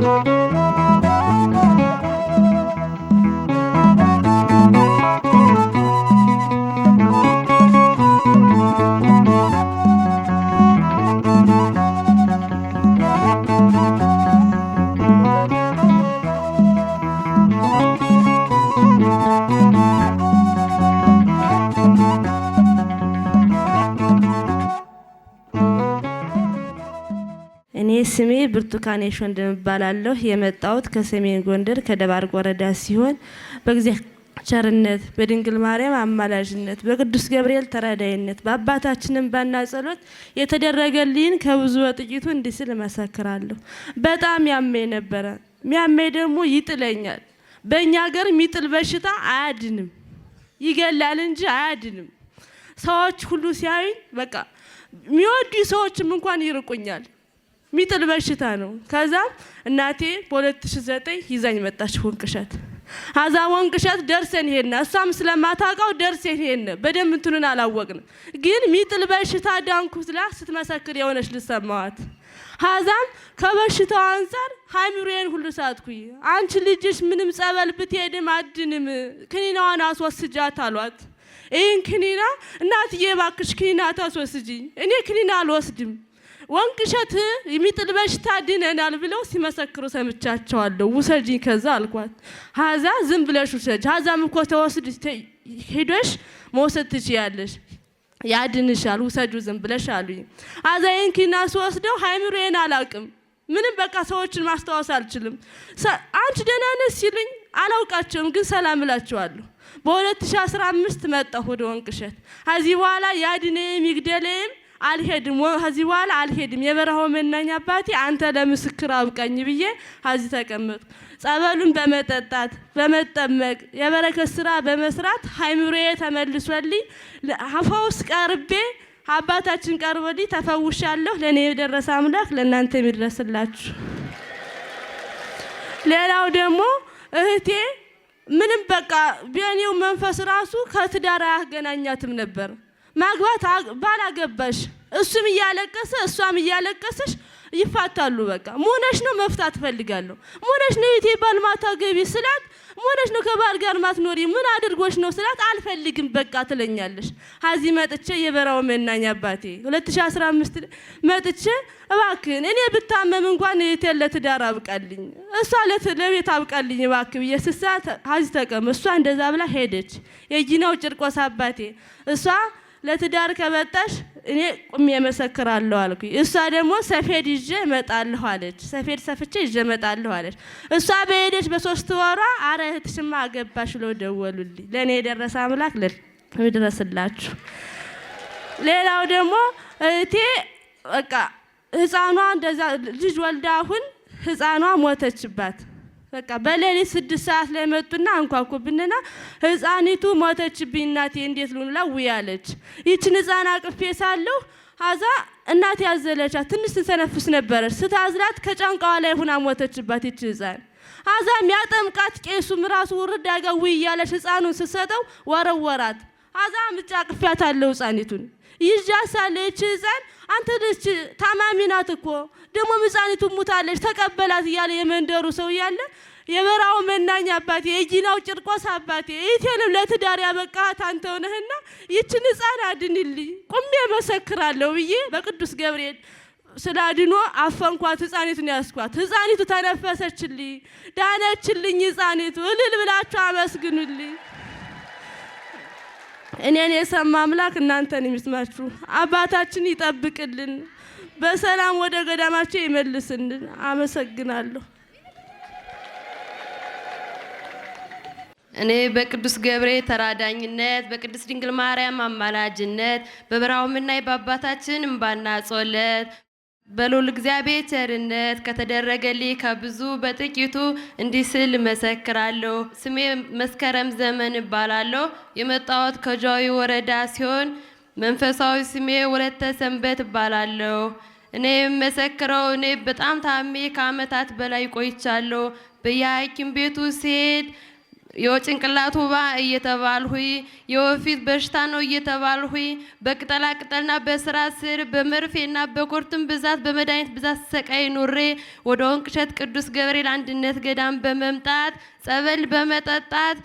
Música ስሜ ብርቱካን ሾንድም እባላለሁ። የመጣሁት ከሰሜን ጎንደር ከደባርቅ ወረዳ ሲሆን በጊዜ ቸርነት በድንግል ማርያም አማላጅነት በቅዱስ ገብርኤል ተረዳይነት በአባታችንም ባና ጸሎት የተደረገልኝን ከብዙ በጥቂቱ እንዲህ ስል እመሰክራለሁ። በጣም ያመኝ ነበረ። ሚያመኝ ደግሞ ይጥለኛል። በእኛ ሀገር የሚጥል በሽታ አያድንም፣ ይገላል እንጂ አያድንም። ሰዎች ሁሉ ሲያዩኝ በቃ የሚወዱ ሰዎችም እንኳን ይርቁኛል። ሚጥል በሽታ ነው። ከዛ እናቴ በ2009 ይዛኝ መጣች ወንቅሸት አዛ ወንቅሸት ደርሰን ይሄን እሷም ስለማታውቀው ደርሰን ይሄን በደንብ እንትኑን አላወቅንም። ግን ሚጥል በሽታ ዳንኩ ስላ ስትመሰክር የሆነች ልሰማዋት ሀዛም ከበሽታው አንጻር ሀሚሮዬን ሁሉ ሳትኩኝ። አንቺ ልጅሽ ምንም ጸበል ብትሄድም አድንም ክኒናዋን አስወስጃት አሏት። ይህን ክኒና እናትዬ እባክሽ ክኒና ታስወስጂኝ፣ እኔ ክኒና አልወስድም ወንቅ እሸት የሚጥል በሽታ ድነናል ብለው ሲመሰክሩ ሰምቻቸዋለሁ። ውሰጂ ከዛ አልኳት። ሀዛ ዝም ብለሽ ውሰጅ፣ ሀዛም እኮ ተወስድ ሄደሽ መውሰድ ትችያለሽ፣ ያድንሻል፣ ውሰጁ ዝም ብለሽ አሉኝ። ሀዛዬን ኪና ስወስደው ሀይምሮዬን አላውቅም ምንም በቃ ሰዎችን ማስታወስ አልችልም። አንቺ ደህና ነሽ ሲሉኝ አላውቃቸውም፣ ግን ሰላም እላቸዋለሁ። በ2015 መጣሁ ወደ ወንቅ እሸት። ከዚህ በኋላ ያድኔም ይግደሌም አልሄድም ከዚህ በኋላ አልሄድም። የበረሃው መናኛ አባቴ አንተ ለምስክር አብቀኝ ብዬ ከዚህ ተቀመጥኩ። ጸበሉን በመጠጣት በመጠመቅ የበረከት ስራ በመስራት ሀይምሮዬ ተመልሶልኝ ፈውስ ቀርቤ አባታችን ቀርቦልኝ ተፈውሻለሁ። ለእኔ የደረሰ አምላክ ለእናንተ የሚደረስላችሁ ሌላው ደግሞ እህቴ ምንም በቃ ቢኔው መንፈስ ራሱ ከትዳር አያገናኛትም ነበር ማግባት ባላገባሽ እሱም እያለቀሰ እሷም እያለቀሰች ይፋታሉ። በቃ ሞነሽ ነው መፍታት ፈልጋለሁ። ሞነሽ ነው የቴ ባል ማታ ገቢ ስላት ሞነሽ ነው ከባል ጋር ማትኖሪ ምን አድርጎች ነው ስላት አልፈልግም በቃ ትለኛለሽ። ሀዚ መጥቼ የበራው መናኝ አባቴ 2015 መጥቼ እባክን እኔ ብታመም እንኳን የቴ ለትዳር አብቃልኝ እሷ ለቤት አብቃልኝ እባክህ ብዬ ስሳት ሀዚህ ተቀም እሷ እንደዛ ብላ ሄደች። የጊናው ጭርቆስ አባቴ እሷ ለትዳር ከበጣሽ እኔ ቁሜ መሰክራለሁ አልኩኝ። እሷ ደግሞ ሰፌድ ይዤ እመጣለሁ አለች። ሰፌድ ሰፍቼ ይዤ እመጣለሁ አለች። እሷ በሄደች በሶስት ወሯ አረ እህትሽማ አገባሽ ብለው ደወሉልኝ። ለእኔ የደረሰ አምላክ ይድረስላችሁ። ሌላው ደግሞ እህቴ በቃ ህፃኗ እንደዛ ልጅ ወልዳ አሁን ህፃኗ ሞተችባት። በቃ በሌሊት ስድስት ሰዓት ላይ መጡና አንኳኩብንና ህፃኒቱ ሞተችብኝ እናቴ እንዴት ልሁንላ ውያለች። ይችን ህፃን አቅፌ ሳለሁ አዛ እናቴ ያዘለቻት ትንሽ ትተነፍስ ነበረች። ስታዝላት ከጫንቃዋ ላይ ሁና ሞተችባት ይች ህፃን። አዛ ያጠምቃት ቄሱም ራሱ ውርድ ያገው እያለች ህፃኑን ስሰጠው ወረወራት። አዛ ምጫ አቅፊያት አለው ህፃኒቱን ይዣሳለች ህፃን አንተ ደች ታማሚ ናት እኮ ደግሞ ህፃኒቱ ሙታለች ተቀበላት እያለ የመንደሩ ሰው እያለ የበራው መናኝ አባቴ የጊናው ጭርቆስ አባቴ ይቴንም ለትዳር ያበቃሃት አንተ ሆነህና ይችን ህፃን አድንልኝ ቁሜ መሰክራለሁ ብዬ በቅዱስ ገብርኤል ስለ አድኖ አፈንኳት። ህፃኒቱን ያስኳት። ህፃኒቱ ተነፈሰችልኝ፣ ዳነችልኝ። ህፃኒቱ እልል ብላችሁ አመስግኑልኝ። እኔን የሰማ አምላክ እናንተን የሚስማችሁ አባታችን ይጠብቅልን፣ በሰላም ወደ ገዳማቸው ይመልስልን። አመሰግናለሁ። እኔ በቅዱስ ገብርኤል ተራዳኝነት በቅዱስ ድንግል ማርያም አማላጅነት በበራውምና በአባታችን እምባና ጸሎት በሉል እግዚአብሔር ቸርነት ከተደረገልኝ ከብዙ በጥቂቱ እንዲህ ስል መሰክራለሁ። ስሜ መስከረም ዘመን እባላለሁ። የመጣሁት ከጃዊ ወረዳ ሲሆን መንፈሳዊ ስሜ ወለተ ሰንበት እባላለሁ። እኔ የምመሰክረው እኔ በጣም ታሜ ከአመታት በላይ ቆይቻለሁ። በየሐኪም ቤቱ ሲሄድ የጭንቅላቱ ውባ እየተባልሁኝ የወፊት በሽታ ነው እየተባልሁኝ በቅጠላቅጠልና በስራ ስር በመርፌና በኮርትም ብዛት በመድኃኒት ብዛት ሰቃይ ኑሬ ወደ ወንቅሸት ቅዱስ ገብርኤል አንድነት ገዳም በመምጣት ጸበል በመጠጣት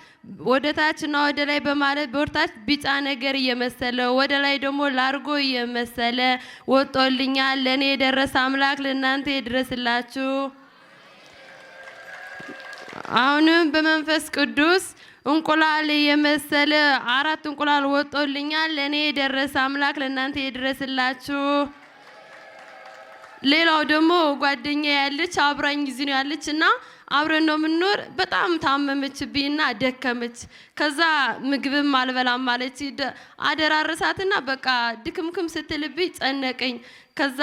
ወደ ታችና ወደ ላይ በማለት በወርታች ቢጫ ነገር እየመሰለ ወደ ላይ ደግሞ ላርጎ እየመሰለ ወጦልኛል። ለእኔ የደረሰ አምላክ ለእናንተ ይድረስላችሁ። አሁንም በመንፈስ ቅዱስ እንቁላል የመሰለ አራት እንቁላል ወጦልኛል። ለእኔ የደረሰ አምላክ ለእናንተ የደረስላችሁ። ሌላው ደግሞ ጓደኛ ያለች አብራኝ ጊዜ ነው ያለች እና አብረን ነው የምንኖር። በጣም ታመመችብኝና ደከመች። ከዛ ምግብም አልበላም ማለች። አደራረሳትና በቃ ድክምክም ስትልብኝ ጨነቀኝ። ከዛ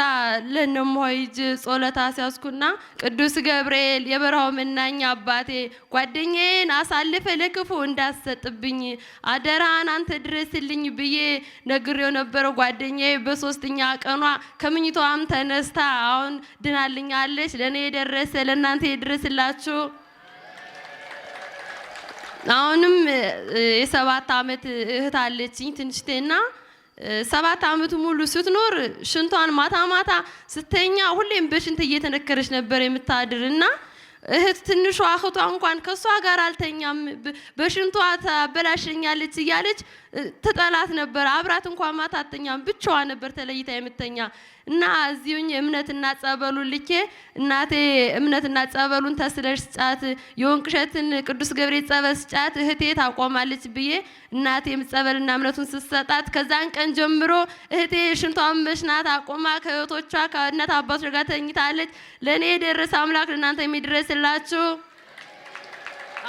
ለነሞይጅ ጾለት ሲያስኩና ቅዱስ ገብርኤል የበረሃው መናኝ አባቴ ጓደኛዬን አሳልፈ ለክፉ እንዳሰጥብኝ አደራን አንተ ድረስልኝ ብዬ ነግሬው ነበረው። ጓደኛዬ በሶስተኛ ቀኗ ከምኝቷም ተነስታ አሁን ድናልኛለች። ለእኔ የደረሰ ለእናንተ የደረስላችሁ ናችሁ? አሁንም የሰባት ዓመት እህት አለችኝ ትንሽቴና ሰባት ዓመቱ ሙሉ ስትኖር ሽንቷን ማታ ማታ ስተኛ ሁሌም በሽንት እየተነከረች ነበር የምታድር እና እህት ትንሿ እህቷ እንኳን ከእሷ ጋር አልተኛም በሽንቷ ታበላሸኛለች እያለች ትጠላት ነበር። አብራት እንኳን ማታ አተኛም፣ ብቻዋ ነበር ተለይታ የምተኛ እና እዚሁኝ እምነትና ጸበሉን ልኬ እናቴ እምነትና ጸበሉን ተስለሽ ስጫት፣ የወንቅሸትን ቅዱስ ገብርኤል ጸበል ስጫት እህቴ ታቆማለች ብዬ እናቴም ጸበልና እምነቱን ስሰጣት ከዛን ቀን ጀምሮ እህቴ ሽንቷን መሽናት አቆማ ከህይወቶቿ ከእናት አባቶች ጋር ተኝታለች። ለእኔ የደረሰ አምላክ ለእናንተ የሚደረስላችሁ።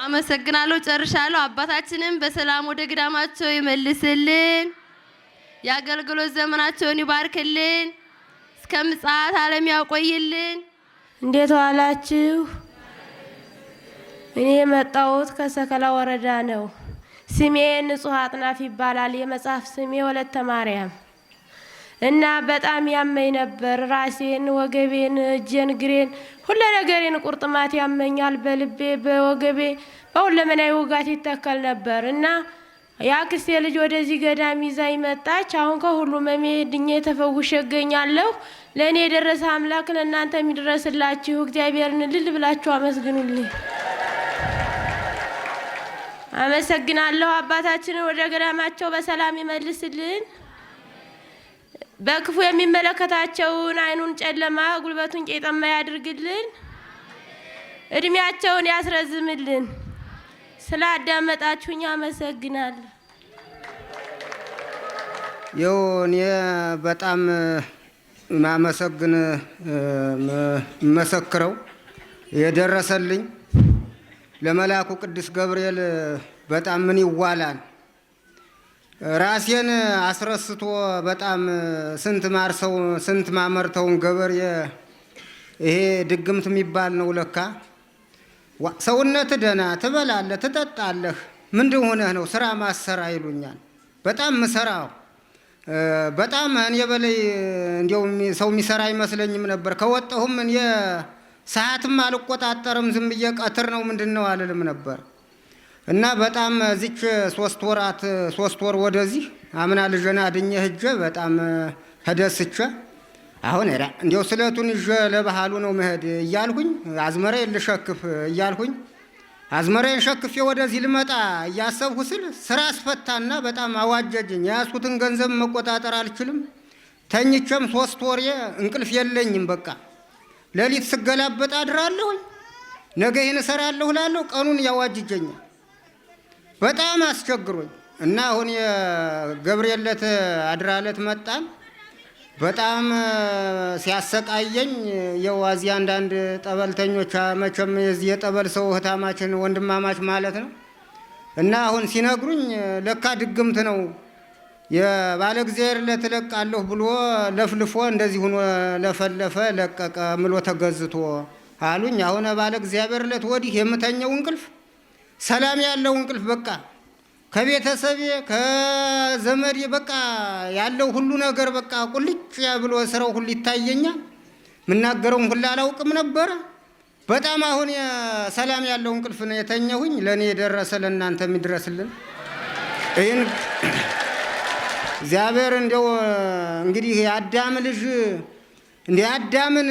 አመሰግናለሁ። ጨርሻለሁ። አባታችንም በሰላም ወደ ግዳማቸው ይመልስልን። የአገልግሎት ዘመናቸውን ይባርክልን። እስከ ምጽአት ዓለም ያቆይልን። እንዴት ዋላችሁ? እኔ የመጣሁት ከሰከላ ወረዳ ነው። ስሜ ንጹህ አጥናፍ ይባላል። የመጽሐፍ ስሜ ወለተ ማርያም እና በጣም ያመኝ ነበር። ራሴን፣ ወገቤን፣ እጄን፣ ግሬን ሁለ ነገሬን ቁርጥማት ያመኛል። በልቤ፣ በወገቤ፣ በሁለመናዊ ውጋት ይተከል ነበር እና የአክስቴ ልጅ ወደዚህ ገዳም ይዛ ይመጣች። አሁን ከሁሉ መሄድኛ የተፈውሽ እገኛለሁ። ለእኔ የደረሰ አምላክ ለእናንተ የሚደረስላችሁ እግዚአብሔርን ልል ብላችሁ አመስግኑልኝ። አመሰግናለሁ። አባታችንን ወደ ገዳማቸው በሰላም ይመልስልን። በክፉ የሚመለከታቸውን አይኑን ጨለማ ጉልበቱን ቄጠማ ያድርግልን። እድሜያቸውን ያስረዝምልን። ስለ አዳመጣችሁኝ አመሰግናለሁ። ይው እኔ በጣም ማመሰግን መሰክረው የደረሰልኝ ለመልአኩ ቅዱስ ገብርኤል በጣም ምን ይዋላል። ራሴን አስረስቶ በጣም ስንት ማርሰው ስንት ማመርተውን ገበሬ ይሄ ድግምት የሚባል ነው ለካ ሰውነት ደህና ትበላለህ፣ ትጠጣለህ። ምንድን ሆነህ ነው? ስራ ማሰራ ይሉኛል። በጣም ምሰራ በጣም እኔ በላይ እንዲያው ሰው የሚሰራ አይመስለኝም ነበር። ከወጣሁም እኔ ሰዓትም አልቆጣጠርም። ዝም ብዬ ቀትር ነው ምንድን ነው አልልም ነበር እና በጣም እዚች ሶስት ወራት ሶስት ወር ወደዚህ አምና ልጀና አድኜ ህጀ በጣም ተደስቼ አሁን ራ እንዲያው ስለቱን ይዤ ለባህሉ ነው መሄድ እያልኩኝ አዝመራ ልሸክፍ እያልኩኝ አዝመራዬን ሸክፌ ወደዚህ ልመጣ እያሰብሁ ስል ስራ አስፈታና በጣም አዋጀጅኝ። የያዝኩትን ገንዘብ መቆጣጠር አልችልም። ተኝቼም ሶስት ወሬ እንቅልፍ የለኝም። በቃ ሌሊት ስገላበጥ አድራለሁኝ። ነገ ይህን እሰራለሁ እላለሁ። ቀኑን ያዋጅጀኛል። በጣም አስቸግሮኝ እና አሁን የገብርኤለት አድራለት መጣን በጣም ሲያሰቃየኝ የዋዚ አንዳንድ ጠበልተኞች መቼም የዚህ የጠበል ሰው እህታማችን ወንድማማች ማለት ነው እና አሁን ሲነግሩኝ ለካ ድግምት ነው የባለ እግዚአብሔር ለትለቃለሁ ብሎ ለፍልፎ እንደዚህ ሆኖ ለፈለፈ ለቀቀ ምሎ ተገዝቶ አሉኝ። አሁን ባለ እግዚአብሔር ለት ወዲህ የምተኘው እንቅልፍ ሰላም ያለው እንቅልፍ በቃ ከቤተሰቤ ከዘመዴ በቃ ያለው ሁሉ ነገር በቃ ቁልጭ ብሎ ስራው ሁሉ ይታየኛል። የምናገረውን ሁሉ አላውቅም ነበረ። በጣም አሁን ሰላም ያለው እንቅልፍ ነው የተኛሁኝ። ለእኔ የደረሰ ለእናንተ የሚድረስልን። ይህን እግዚአብሔር እንደው እንግዲህ የአዳም ልጅ እንደ አዳምን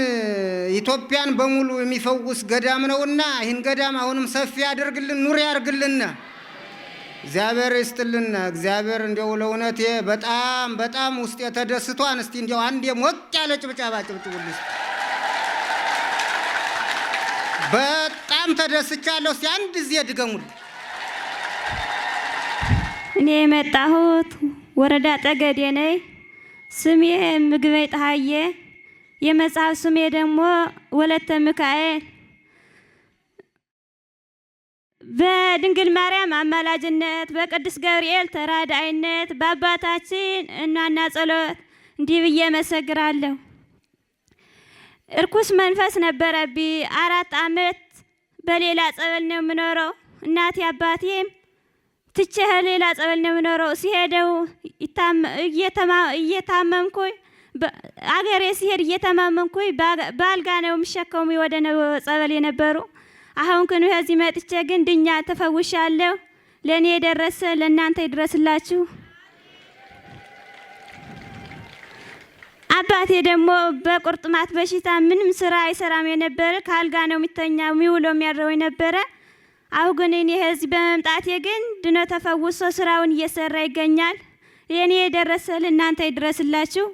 ኢትዮጵያን በሙሉ የሚፈውስ ገዳም ነውና ይህን ገዳም አሁንም ሰፊ ያደርግልን፣ ኑር ያድርግልን። እግዚአብሔር ይስጥልን። እግዚአብሔር እንደው ለእውነቴ በጣም በጣም ውስጥ የተደስቷን እስቲ እንዲያው አንዴ ሞቅ ያለ ጭብጨባ ጭብጭቡልስ። በጣም ተደስቻለሁ። እስቲ አንድ ጊዜ ድገሙል። እኔ የመጣሁት ወረዳ ጠገዴ ነኝ። ስሜ ምግበይ ጠሀዬ፣ የመጽሐፍ ስሜ ደግሞ ወለተ ሚካኤል በድንግል ማርያም አማላጅነት በቅዱስ ገብርኤል ተራዳይነት በአባታችን እናና ጸሎት እንዲህ ብዬ መሰግራለሁ። እርኩስ መንፈስ ነበረብኝ። አራት ዓመት በሌላ ጸበል ነው የምኖረው። እናቴ አባቴም ትቼ ሌላ ጸበል ነው የምኖረው። ሲሄደው እየታመምኩኝ አገሬ ሲሄድ እየተማመንኩኝ በአልጋ ነው የምሸከሙ ወደ ነው ጸበል የነበሩ አሁን ግን እዚህ መጥቼ ግን ድኛ ተፈውሻለሁ። ለእኔ የደረሰ ለእናንተ ይድረስላችሁ። አባቴ ደግሞ በቁርጥማት በሽታ ምንም ስራ አይሰራም የነበረ ከአልጋ ነው የሚተኛ የሚውለው የሚያድረው የነበረ። አሁን ግን እኔ እዚህ በመምጣቴ ግን ድኖ ተፈውሶ ስራውን እየሰራ ይገኛል። ለእኔ የደረሰ ለእናንተ ይድረስላችሁ።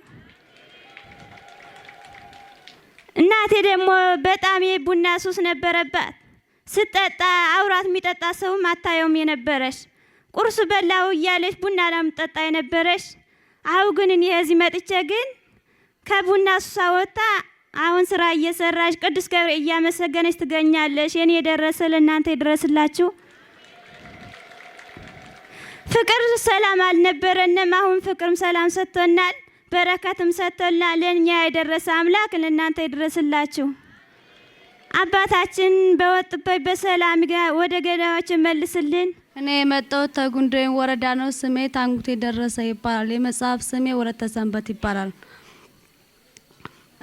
እናቴ ደግሞ በጣም የቡና ሱስ ነበረባት። ስጠጣ አውራት የሚጠጣ ሰውም አታየውም የነበረሽ ቁርስ በላው እያለች ቡና ለምጠጣ የነበረሽ አሁ ግን እኔ እዚህ መጥቼ ግን ከቡና ሱሳ ወጣ አሁን ስራ እየሰራሽ ቅዱስ ገብርኤል እያመሰገነች ትገኛለሽ። የኔ የደረሰ ለእናንተ ይድረስላችሁ። ፍቅር ሰላም አልነበረንም። አሁን ፍቅርም ሰላም ሰጥቶናል፣ በረከትም ሰጥቶናል። ለእኛ የደረሰ አምላክ ለእናንተ ይድረስላችሁ። አባታችን በወጡበት በሰላም ወደ ገዳዮች መልስልን። እኔ የመጣሁት ተጉንደይ ወረዳ ነው። ስሜ ታንጉቴ ደረሰ ይባላል። የመጽሐፍ ስሜ ወረተ ሰንበት ይባላል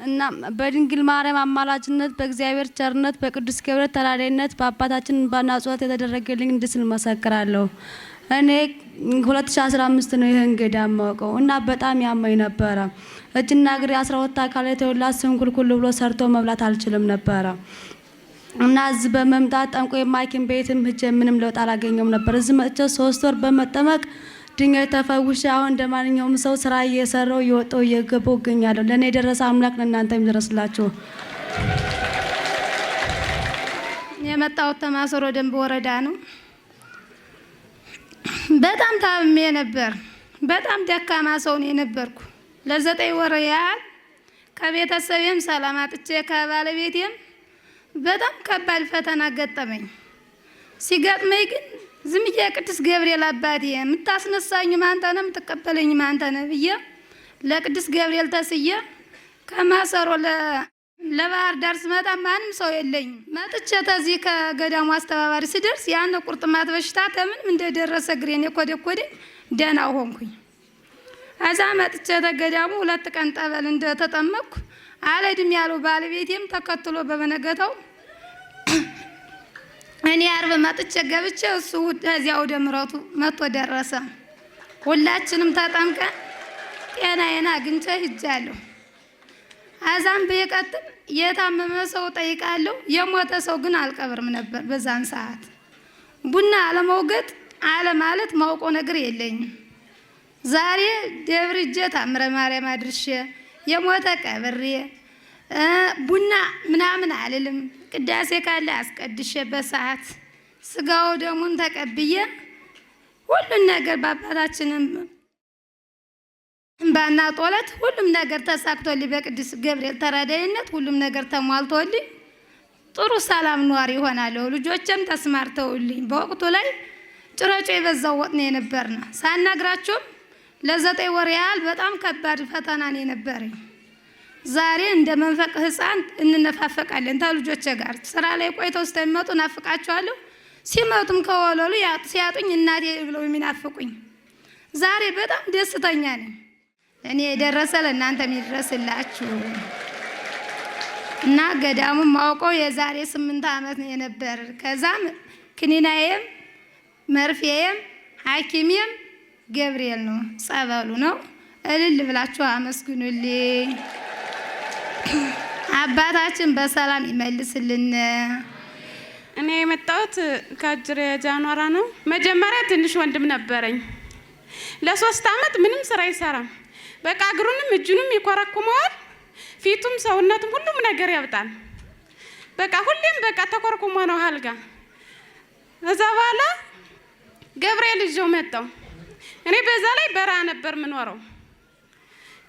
እና በድንግል ማርያም አማላጅነት በእግዚአብሔር ቸርነት በቅዱስ ገብረ ተራዳይነት በአባታችን እንባና ጸሎት የተደረገልኝ እንድስል መሰክራለሁ። እኔ 2015 ነው ይህን ገዳም ማውቀው እና በጣም ያማኝ ነበረ እጅና እግር አስራ ሁለት አካል የተወላት ስንኩልኩል ብሎ ሰርቶ መብላት አልችልም ነበረ እና እዚህ በመምጣት ጠንቋይም ሐኪም ቤትም ህጀ ምንም ለውጥ አላገኘውም ነበር። እዚህ መጥቼ ሶስት ወር በመጠመቅ ድንጋይ ተፈውሼ አሁን እንደ ማንኛውም ሰው ስራ እየሰራው እየወጣው እየገባው እገኛለሁ። ለእኔ የደረሰ አምላክ ለእናንተ የሚደረስላችሁ። የመጣሁት ተማሰሮ ደንብ ወረዳ ነው። በጣም ታምሜ ነበር። በጣም ደካማ ሰው ነው የነበርኩ ለዘጠኝ ወር ያህል ከቤተሰቤም ሰላም አጥቼ ከባለቤቴም በጣም ከባድ ፈተና ገጠመኝ። ሲገጥመኝ ግን ዝምዬ ቅዱስ ገብርኤል አባቴ የምታስነሳኝ ማንተ ነህ፣ የምትቀበለኝ ማንተ ነህ ብዬ ለቅዱስ ገብርኤል ተስዬ ከማሰሮ ለባህር ዳር ስመጣ ማንም ሰው የለኝም። መጥቼ ተዚህ ከገዳሙ አስተባባሪ ስደርስ ያን ቁርጥማት በሽታ ተምንም እንደደረሰ እግሬን የኮደኮደኝ ደህና ሆንኩኝ። እዛ መጥቼ ተገዳሙ ሁለት ቀን ጠበል እንደተጠመቅኩ አልሄድም ያለው ባለቤቴም ተከትሎ በበነገተው እኔ አርብ መጥቼ ገብቼ እሱ እዚያ ወደ ምረቱ መጥቶ ደረሰ። ሁላችንም ተጠምቀን ጤናዬን አግኝቼ ሂጃለሁ። አዛም በየቀጥ የታመመ ሰው ጠይቃለሁ፣ የሞተ ሰው ግን አልቀብርም ነበር። በዛን ሰዓት ቡና አለመውገጥ አለማለት ማውቆ ነገር የለኝም። ዛሬ ደብርጄ ታምረ ማርያም አድርሼ የሞተ ቀብሬ ቡና ምናምን አልልም። ቅዳሴ ካለ አስቀድሼ በሰዓት ስጋው ደሙን ተቀብዬ ሁሉን ነገር በአባታችንም እንባና ጦለት ሁሉም ነገር ተሳክቶልኝ በቅዱስ ገብርኤል ተራዳይነት ሁሉም ነገር ተሟልቶልኝ ጥሩ ሰላም ኗሪ ይሆናለሁ። ልጆችም ተስማርተውልኝ በወቅቱ ላይ ጭረጮ የበዛው ወጥ ነው የነበር ነው ሳናግራችሁም ለዘጠኝ ወር ያህል በጣም ከባድ ፈተና ነው የነበረኝ። ዛሬ እንደ መንፈቅ ህፃን እንነፋፈቃለን ተልጆቼ ጋር ስራ ላይ ቆይተው ስለሚመጡ እናፍቃቸዋለሁ። ሲመጡም ከወለሉ ሲያጡኝ እናቴ ብለው የሚናፍቁኝ ዛሬ በጣም ደስተኛ ነኝ። እኔ የደረሰ ለእናንተ የሚደረስላችሁ እና ገዳሙም ማውቀው የዛሬ ስምንት ዓመት የነበር ከዛም ክኒናዬም መርፌዬም ሐኪሜም ገብርኤል ነው ጸበሉ ነው። እልል ብላችሁ አመስግኑልኝ። አባታችን በሰላም ይመልስልን። እኔ የመጣሁት ከአጅሬ ጃኗራ ነው። መጀመሪያ ትንሽ ወንድም ነበረኝ። ለሶስት አመት ምንም ስራ አይሰራም። በቃ እግሩንም እጁንም ይኮረኩመዋል። ፊቱም ሰውነቱም ሁሉም ነገር ያብጣል። በቃ ሁሌም በቃ ተኮርኩሞ ነው አልጋ። እዛ በኋላ ገብርኤል ይዤው መጣው እኔ በዛ ላይ በረሃ ነበር ምኖረው።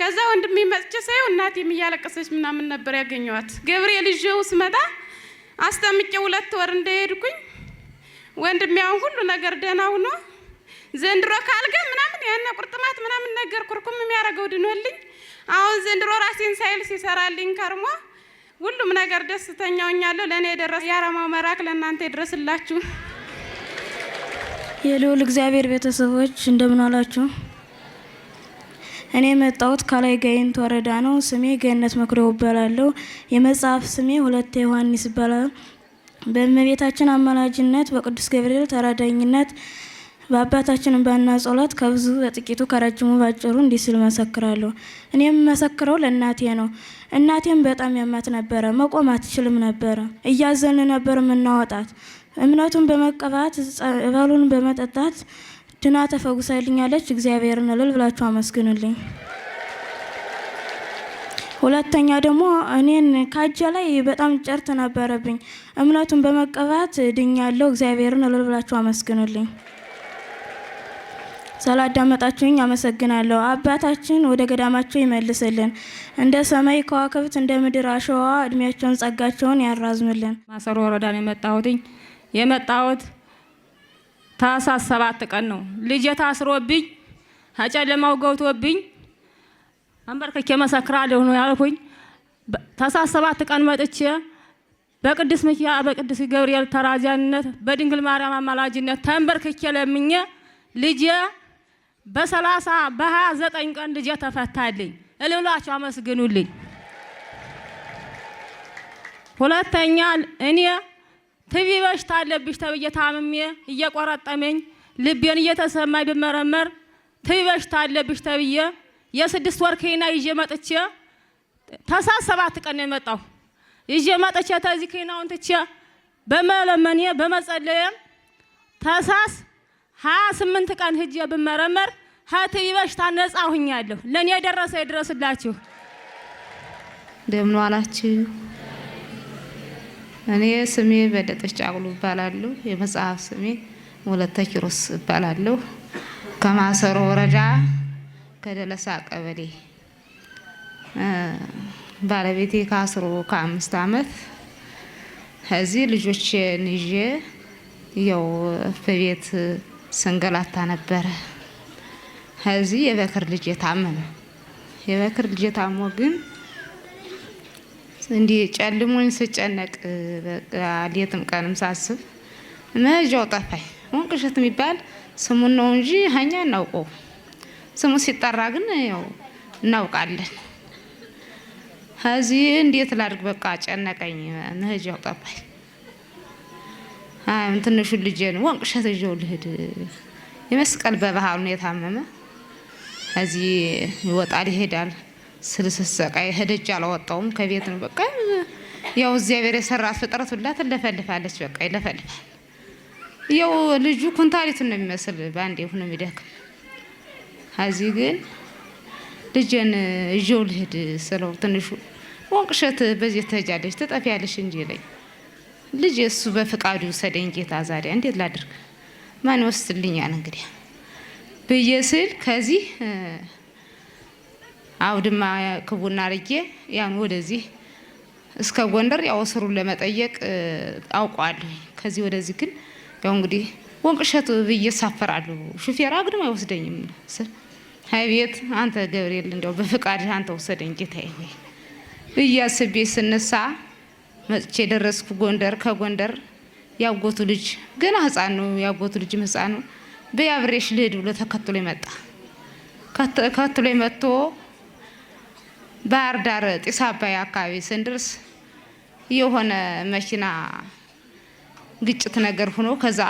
ከዛ ወንድሜ መጥቼ ሳየው እናቴም እያለቀሰች ምናምን ነበር ያገኘዋት። ገብርኤል ይዤው ስመጣ አስጠምቄ ሁለት ወር እንደሄድኩኝ ወንድሜ አሁን ሁሉ ነገር ደህና ሁኖ ዘንድሮ ካልጋ ምናምን ያነ ቁርጥማት ምናምን ነገር ኩርኩም የሚያደርገው ድኖልኝ አሁን ዘንድሮ ራሴን ሳይል ሲሰራልኝ ከርሞ ሁሉም ነገር ደስተኛውኛለሁ። ለእኔ የደረሰ የአረማው መራክ ለእናንተ ይድረስላችሁ። የልዑል እግዚአብሔር ቤተሰቦች እንደምን አላችሁ? እኔ የመጣሁት ካላይ ጋይንት ወረዳ ነው። ስሜ ገነት መኩሪያ እባላለሁ። የመጽሐፍ ስሜ ሁለት ዮሐንስ ይባላል። በእመቤታችን አማላጅነት፣ በቅዱስ ገብርኤል ተራዳኝነት፣ በአባታችን ባና ጸሎት ከብዙ በጥቂቱ ከረጅሙ ባጭሩ እንዲህ ስል መሰክራለሁ። እኔ የምመሰክረው ለእናቴ ነው። እናቴም በጣም ያማት ነበረ። መቆም አትችልም ነበረ። እያዘን ነበር የምናወጣት እምነቱን በመቀባት ጸበሉን በመጠጣት ድና ተፈውሳልኛለች። እግዚአብሔርን እልል ብላችሁ አመስግኑልኝ። ሁለተኛ ደግሞ እኔን ካጃ ላይ በጣም ጨርት ነበረብኝ። እምነቱን በመቀባት ድኛለሁ። እግዚአብሔርን እልል ብላችሁ አመስግኑልኝ። ስላዳመጣችሁኝ አመሰግናለሁ። አባታችን ወደ ገዳማቸው ይመልስልን፣ እንደ ሰማይ ከዋክብት እንደ ምድር አሸዋ እድሜያቸውን ጸጋቸውን ያራዝምልን። ማሰሮ ወረዳን የመጣሁትኝ የመጣሁት ታህሳስ ሰባት ቀን ነው። ልጄ ታስሮብኝ ጨለማው ገብቶብኝ አንበርክኬ መሰክራለሁ ነው ያልኩኝ። ታህሳስ ሰባት ቀን መጥቼ በቅዱስ ሚካኤል በቅዱስ ገብርኤል ተራዳኢነት በድንግል ማርያም አማላጅነት ተንበርክኬ ለምኜ ልጄ በሰላሳ በሀያ ዘጠኝ ቀን ልጄ ተፈታልኝ። እልብላችሁ አመስግኑልኝ። ሁለተኛ እኔ ቲቪ በሽታ አለብሽ ተብዬ ታምሜ እየቆረጠመኝ ልቤን እየተሰማኝ ብመረመር ቲቪ በሽታ አለብሽ ተብዬ የስድስት ወር ኬና ይዤ መጥቼ ታኅሳስ ሰባት ቀን ነው የመጣሁ። ይዤ መጥቼ ተዚህ ኬናውን ትቼ በመለመኔ በመጸለየ ታኅሳስ ሀያ ስምንት ቀን ህጄ ብመረመር ከቲቪ በሽታ ነጻ ሁኛለሁ። ለእኔ የደረሰ ይድረስላችሁ። እንደምን ዋላችሁ? እኔ ስሜ በለጠች ጫቅሉ እባላለሁ። የመጽሐፍ ስሜ ወለተ ኪሮስ እባላለሁ። ከማሰሮ ወረዳ ከደለሳ ቀበሌ ባለቤቴ ከአስሮ ከአምስት አመት እዚህ ልጆችን ይዤ ያው በቤት ስንገላታ ነበረ። እዚህ የበክር ልጅ የታመመ የበክር ልጅ የታሞ ግን እንዲህ ጨልሞኝ ስጨነቅ ሌትም ቀንም ሳስብ መሄጃው ጠፋኝ። ወንቅ እሸት የሚባል ስሙን ነው እንጂ ሀኛ እናውቀው ስሙ ሲጠራ ግን ያው እናውቃለን። እዚህ እንዴት ላድርግ? በቃ ጨነቀኝ፣ መሄጃው ጠፋኝ። አሁን ትንሹን ልጄን ወንቅ እሸት ይዤው ልሂድ የመስቀል በባህሉ ነው የታመመ እዚህ ይወጣል ይሄዳል። ስልስሰቃይ ህደጅ አላወጣውም ከቤት ነው። በቃ ያው እግዚአብሔር የሰራት ፍጥረት ሁላ ትለፈልፋለች። በቃ ይለፈልፋል። ያው ልጁ ኩንታሊቱን ነው የሚመስል በአንዴ ሁኖ የሚደክም እዚህ ግን ልጄን እዤው ልሂድ ስለው ትንሹ ወንቅሸት በዚህ ትሄጃለሽ ትጠፊያለሽ እንጂ ይለኝ። ልጅ እሱ በፍቃዱ ይውሰደኝ ጌታ። ዛዲያ እንዴት ላድርግ? ማን ይወስድልኛል? እንግዲህ ብዬ ስል ከዚህ አውድማ ክቡና አርጌ ያን ወደዚህ እስከ ጎንደር ያው ስሩን ለመጠየቅ አውቀዋለሁ። ከዚህ ወደዚህ ግን ያው እንግዲህ ወንቅሸት ብዬ ሳፈራለሁ። ሹፌር አግድም አይወስደኝም። ሀይ ቤት አንተ ገብርኤል እንዲያው በፍቃድ አንተ ወሰደኝ ጌታዬ ሆይ እያስቤ ስነሳ መጥቼ ደረስኩ ጎንደር። ከጎንደር ያጎቱ ልጅ ገና ህፃን ነው፣ ያጎቱ ልጅ ህፃን ነው። በያብሬሽ ልሂድ ብሎ ተከትሎ ይመጣ ከትሎ መጥቶ ባህር ዳር ጢስ አባይ አካባቢ ስንደርስ የሆነ መኪና ግጭት ነገር ሆኖ ከዛ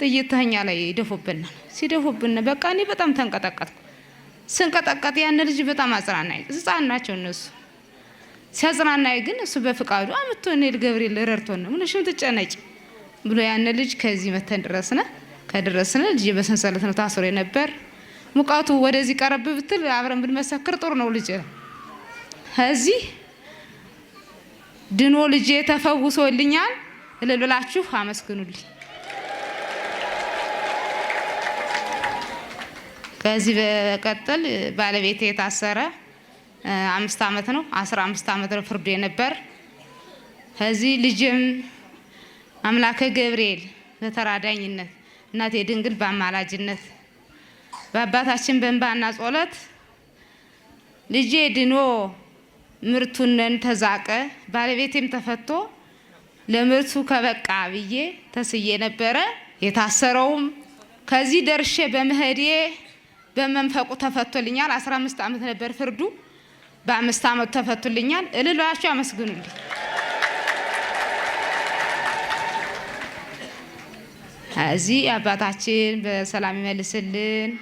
ጥይተኛ ላይ ይደፉብን ሲደፉብን በቃ እኔ በጣም ተንቀጠቀጥኩ። ስንቀጠቀጥ ያን ልጅ በጣም አጽናናኝ። ህፃን ናቸው እነሱ። ሲያጽናናኝ ግን እሱ በፍቃዱ አምቶ እኔ ገብርኤል ረድቶን ነው ምንሽም ትጨነቂ ብሎ ያን ልጅ ከዚህ መተን ድረስነ ከደረስነ ልጅ በሰንሰለት ነው ታስሮ የነበር ሙቀቱ ወደዚህ ቀረብ ብትል አብረን ብንመሰክር ጥሩ ነው ልጅ እዚህ ድኖ ልጄ ተፈውሶልኛል እልል ብላችሁ አመስግኑልኝ። ከዚህ በቀጥል ባለቤቴ የታሰረ አምስት ዓመት ነው። አስራ አምስት አመት ነው ፍርዱ የነበር። ከዚህ ልጅም አምላከ ገብርኤል በተራዳኝነት እናቴ ድንግል በአማላጅነት በአባታችን በእንባና ጸሎት ልጄ ድኖ ምርቱነን ተዛቀ ባለቤቴም ተፈቶ ለምርቱ ከበቃ ብዬ ተስዬ ነበረ። የታሰረውም ከዚህ ደርሼ በመሄዴ በመንፈቁ ተፈቶልኛል። 15 ዓመት ነበር ፍርዱ፣ በአምስት ዓመቱ ተፈቶልኛል። እልሏቸው አመስግኑልኝ። እዚህ አባታችን በሰላም ይመልስልን።